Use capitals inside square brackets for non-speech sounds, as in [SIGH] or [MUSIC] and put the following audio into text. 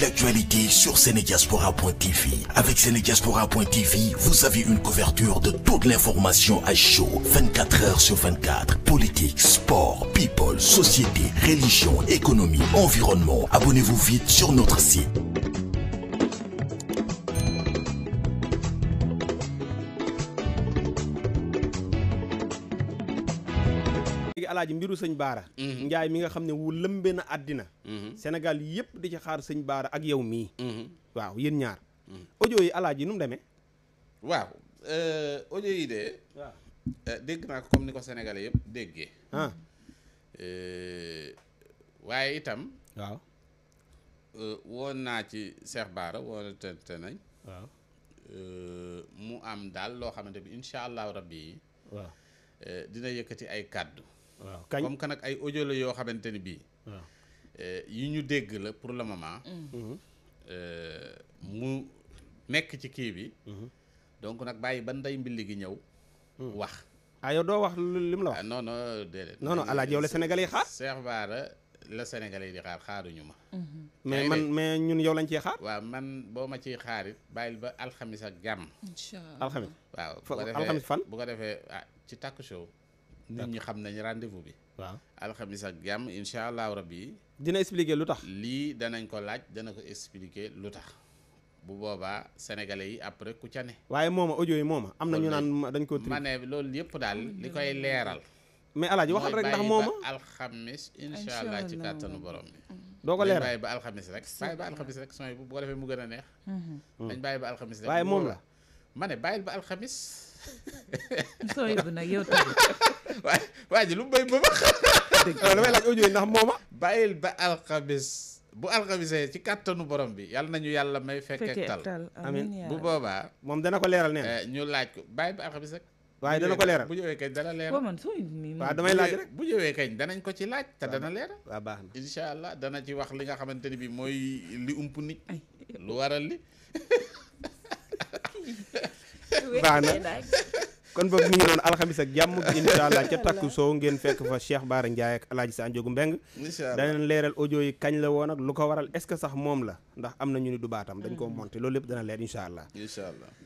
l'actualité sur sénégaspora.tv Avec sénégaspora.tv, vous avez une couverture de toute l'information à chaud, 24 heures sur 24. Politique, sport, people, société, religion, économie, environnement. Abonnez-vous vite sur notre site. léegi mbiru sëñ baara mhm. njaay mi nga xam ne wu lëmbe na àddina mhm. sénégal yëpp di ci xaar sëñ baara ak yow mii mhm. waaw yéen ñaar audio yi alaaji nu mu demee waaw euh, audio yi de euh, dégg naa ko comme ni ko sénégalais yëpp déggee ah. euh, waaye itam woon naa ci Cheikh Baara woon te nañ waaw mu am daal loo xamante bi incha allahu rabbi yi waaw dina yëkkati ay kàddu waaw kañ comme que nag ay audio yoo xamante ni bii. waaw eh, yi ñu dégg la pour le moment. Mm-hmm. Mm-hmm. Eh, mu nekk ci kii bi. Mm-hmm. donc nag bàyyi ba nday mbili gi ñëw. Mm. wax. ah doo wax lim la wax. Ah, non non déedéet. non alaaj yow la Sénégalais yi xaar. Cheikh Bara la Sénégalais yi di xaar xaaruñu ma. mais man mais ñun yow lañ ciy xaar. waaw man boo ma ciy xaar bàyyil ba alxamis ak jàmm. alxamis. waaw bu ko defee fan. bu ko defee ah ci takku show. nit ñi xam nañ rendez-vous bi. waaw alxamis ak jàmm incha allah rabbi dina expliquer lu tax. lii danañ ko laaj dana ko expliquer lu tax. bu boobaa sénégalais yi après ku ca ne. waaye mooma audio yi mooma. am na ñu naan dañ ko. ma ne loolu yëpp daal li koy leeral. mais alaaji waxal rek ndax mooma mooy alxamis incha allah ci kàttanu borom bi. doo ko leeral bàyyi ba alxamis rek. bàyyi ba alxamis rek sooy bu ko defee mu gën a neex. dañ mhm. mm. bàyyi ba alxamis rek. waaye [LAUGHS] sooyibu nag yow tamit. [LAUGHS] waa ji lu mu béy ba damay laaj audio ndax mooma. bàyyil ba alxamis bu alxamisee ci kàttanu borom bi yàlla nañu yàlla may. fekk tal bu boobaa. moom dana ko leeral nee eh, ñu laaj ko bàyyi ba alxamis rek. waaye dana ko leeral bu ñëwee kañ dana leeral. waaw damay laaj rek bu ñëwee kañ danañ ko ci laaj. te dana leeral. waaw baax na incha allah dana ci wax li nga xamante ni bii mooy li ump nit. lu waral li. baax na kon boobu mi ngi doon alxamis ak jàmm incha allah ca takku soow ngeen fekk fa Cheikh Bara Ndiaye ak Alaaji Sa Ndiogou Mbeng danañ leeral audio yi kañ la woon ak lu ko waral est ce que sax moom la ndax am na ñu ni du baatam dañ koo monte loolu lépp dana leer incha allah incha allah